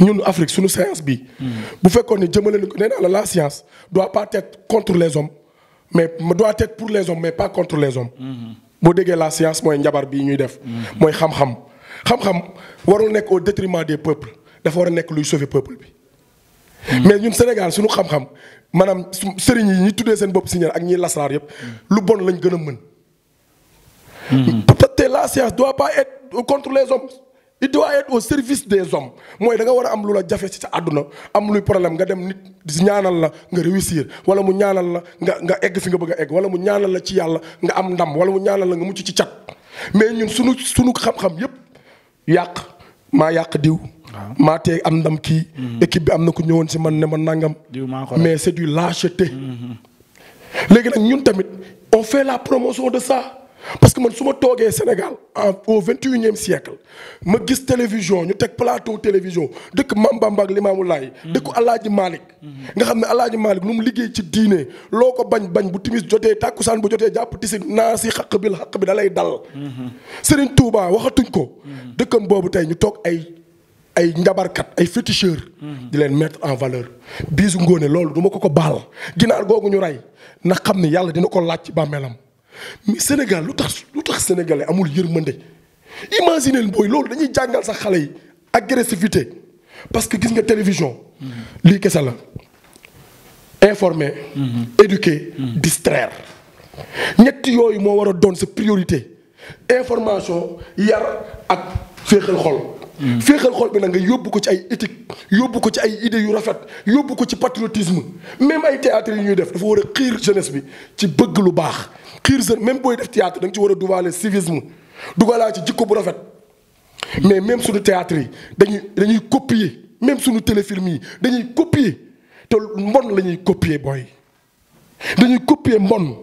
ñun Afrique suñu science bi bu fekkoon ne jëmale nañ ko nee naa la la science doit pas être contre les hommes mais doit être pour les hommes mais pas contre les hommes. boo déggee la science mooy njabar bi ñuy def. mooy xam-xam xam-xam warul nekk au détriment des peuples dafa war a nekk luy sauver peuple bi. mais ñun Sénégal suñu xam-xam maanaam sëriñ yi ñu tuddee seen bopp signal ak ñiy lasraar yëpp lu bon lañ gën a mën. Hmm. peut-être la science doit pas être il doit être au service des hommes mooy danga war a am lu la jafe ci sa àdduna am luy problème nga dem nit di ñaanal la nga réussir wala mu ñaanal la nga nga egg fi nga bëgg a egg wala mu ñaanal la ci yàlla nga am ndam wala mu ñaanal la nga mucc ci cat mais ñun sunu sunu xam-xam yépp yàq maa yàq diw. maa tee am ndam kii. Mm-hmm. équipe bi am na ku ñëwoon si man ne ma nangam. mais c'est du lâcheté. Mm-hmm. léegi nag ñun tamit on fait la promotion de ça. parce que man su ma toogee Sénégal en au vingt et siècle ma gis télévision ñu teg plateau télévision dëkk Mame Bamba ak Limaamu lay dëkku Alaaji Malick nga xam ne Alaaji Malick lu mu liggéey ci diine loo ko bañ bañ bu timis jotee tàkkusaan bu jotee jàpp tisi naa si xaq bi la xaq bi dalay lay dal Serigne Touba waxatuñ ko dëkkam boobu tey ñu toog ay ay njabarkat ay féticheur di leen mettre en valeur biisu ngóone loolu duma ko ko baal ginaar googu ñu rey na xam ne yàlla dina ko laaj ci bàmmeelam Sénégal lu tax lu tax sénégalais amul yërmande imaginez booy loolu dañuy jàngal sax xale yi agressivité parce que gis nga télévision. Mm-hmm. lii kese la informer. Mm-hmm. éduquer mm-hmm. distraire. ñett yooyu moo war a doon sa priorité information yar ak féexal xol. féexal xool bi nag nga yóbbu ko ci ay éthique yóbbu ko ci ay idées yu rafet yóbbu ko ci patriotisme même ay théâtre yi ñuy def dafa war a xiir jeunesse bi ci bëgg lu baax xiir jeune même booy def théâtre da nga ci war a dugaale civisme dugalaa ci jikko bu rafet mais même suñu théâtre yi dañuy dañuy copier même suñu téléfilm yi dañuy copier te mbon la ñuy copier booy dañuy copier mbon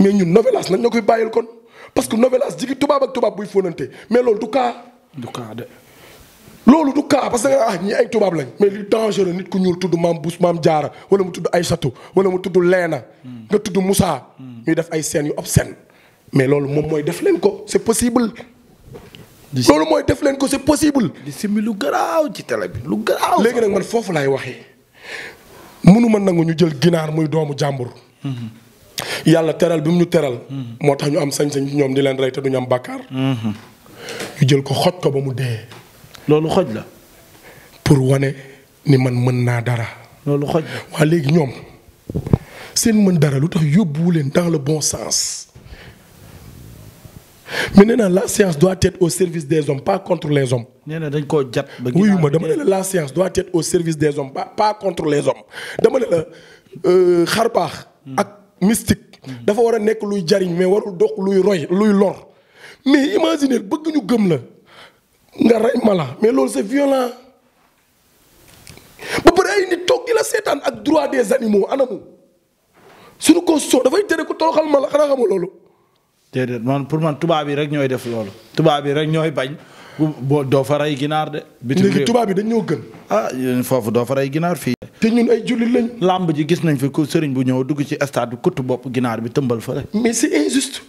mais ñun novelas nañ ñoo koy bàyyil kon parce que novelas jigi tubaab ak tubaab buy fóonante mais loolu du cas du cas loolu du cas parce que ah ay tubaab lañ mais li dangereux nit ku ñuul tudd maam Bous maam Jaara wala mu tudd ay Aysatu wala mu tudd Leena. Hmm. nga tudd Moussa. Hmm. ñuy def ay seen yu obscènes. mais loolu moom mooy def leen ko c'est possible. loolu mooy def leen ko c'est possible. di simbi lu garaaw ci télé bi lu garaaw. léegi nag man foofu laay waxee munu ma nangu ñu jël ginaar muy doomu jàmbur. Hmm. yàlla teral bi mu ñu teral. moo tax ñu am sañ-sañ ñoom di leen rey te du am bàkkaar. ñu jël ko xoj ko ba mu dee. loolu xoj la. pour wane ni man mën naa dara. loolu xoj waa léegi ñoom seen mën dara lu tax wu leen dans le bon sens. mais nee naa la science doit être au service des hommes pas contre les hommes. nee dañ koo jàpp ba. wuyu ma dama la la science au service des hommes pas pas contre les hommes dama ne la euh, xar baax. ak mystique. Hmm. dafa war a nekk luy jariñ mais warul dox luy roy luy lor. mais imaginer bëgg ñu gëm la nga rey mala mais loolu c'est violent ba pare ay nit toog di la seetaan ak droit des animaux anamu ko constitution dafay tere ko toroxal mala xanaa xamul loolu. déedéet man pour man tubaab yi rek ñooy def loolu tubaab yi rek ñooy bañ. boo doo fa rey ginaar de. bitim léegi tubaab yi dañ ñoo gën. ah foofu doo fa rey ginaar fii. te ñun ay jullit lañ. làmb ji gis nañ fi ku sëriñ bu ñëw dugg ci stade bu kuttu bopp ginaar bi tëmbal fa rek. mais c'est injuste.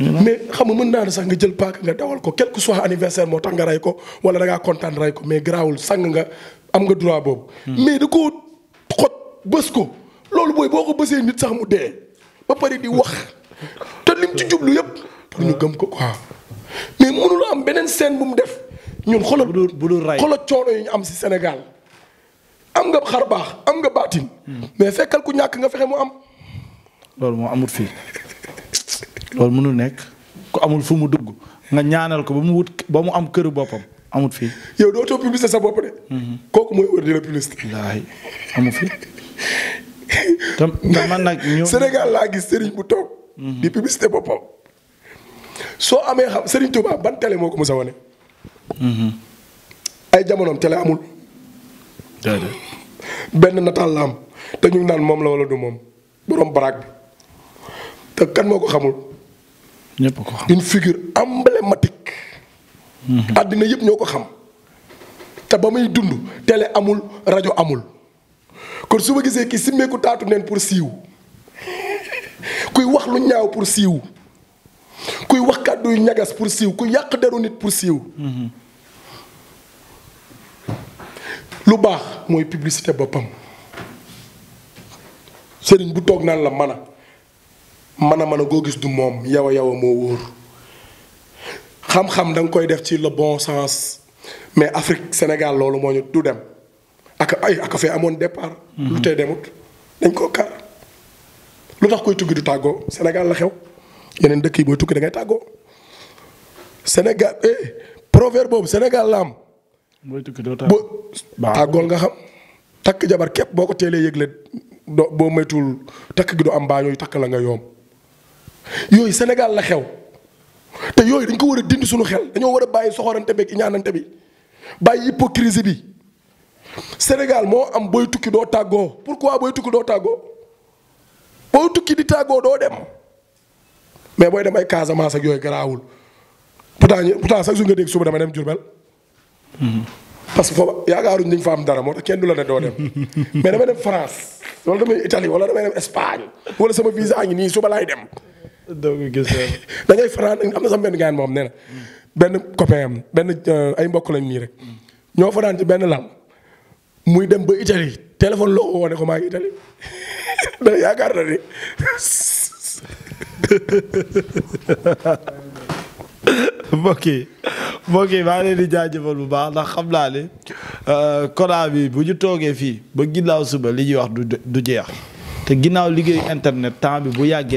mais xam nga mën naa ne sax nga jël paak nga dawal ko quelque soit anniversaire moo tax nga rey ko wala da ngaa kontaan rey ko mais garaawul sang nga am nga droit boobu. Hmm. mais da koo xot bës ko loolu booy boo ko bësee nit sax mu dee ba pare di wax te lim ci jublu yëpp pour hmm. ñu gëm ko quoi mais mënul am beneen scène bu mu def ñun xoolal. bu dul bu dul rey xoolal yi ñu am si Sénégal. am nga xar baax am nga baatin. Hmm. mais fekkal ku ñàkk nga fexe mu am. loolu moo amut fii. loolu mënul nekk ku amul fu mu dugg nga ñaanal ko ba mu wut ba mu am këru boppam amut fii. yow dootoo publicité sa bopp de. Mhm. kooku mooy wër di la publicité. fi. te man ñoo Sénégal laa bu toog. Mhm. di publicité boppam. soo amee xam Serigne Touba ban télé moo ko mos a wane. Mhm. ay jamonoom télé amul. benn nataal la te ñu ngi naan moom la wala du moom borom baraag bi te kan moo ko xamul. ñëpp ko xam une figure emblématique. Mhm. àddina yëpp ñoo ko xam. te ba muy dund tele amul rajo amul kon su ma gisee kii simmeeku taatu neen pour siiw kuy wax lu ñaaw pour siiw kuy wax kàddu yu ñagas pour siiw ku yàq deru nit pour siiw. Mhm. lu baax mooy publicité boppam sëriñ bu toog naan la mën a mën a mën a goo gis du moom yow a yow a moo wóor xam-xam da koy def ci le bon sens mais Afrique Sénégal loolu moo ñu du dem ak ay ak fee amoon départ. Mhm. lu tey demut dañ koo kar lu tax koy tukki du tàggoo Sénégal la xew yeneen dëkk yi booy tukki da ngay tàggoo Sénégal eh proverbe boobu Sénégal la am. booy tukki doo tàggoo tàggool nga xam. takk jabar képp boo ko teelee yëgle doo boo maytuwul takk gi du am baa ñooy takk la nga yoom. yooyu Sénégal la xew te yooyu dañ ko war a dind suñu xel dañoo war a bàyyi soxorante beeg ñaanante bi bàyyi hypocrisie bi Sénégal moo am booy tukki doo tàggoo pour pourquoi booy tukki doo tàggoo booy tukki di tàggoo doo dem mais booy dem ay Casamance ak yooyu garaawul pourtant ñu pourtant sax su nga dégg suba dama dem Diourbel. parce que foofu yaakaaruñ dañ fa am dara moo tax kenn du la ne doo dem mais dama dem France wala damay Italie wala damay dem Espagne wala sama visa nii suba dem. doo gis da ngay fanaan am na sax benn gaan moom nee na benn copain am benn euh, ay mbokk lañ nii rek ñoo fanaan ci benn làmb muy dem ba Italie téléphone loo woo ne ko maa ngi yaakaar na ni mbokk yi mbokk yi maa ngi di jaajëfal bu baax ndax xam naa ne corona euh, bi bu ñu toogee fii ba ginnaaw suba li ñuy wax du jeex te ginnaaw liggéeyu internet temps bu yàggee.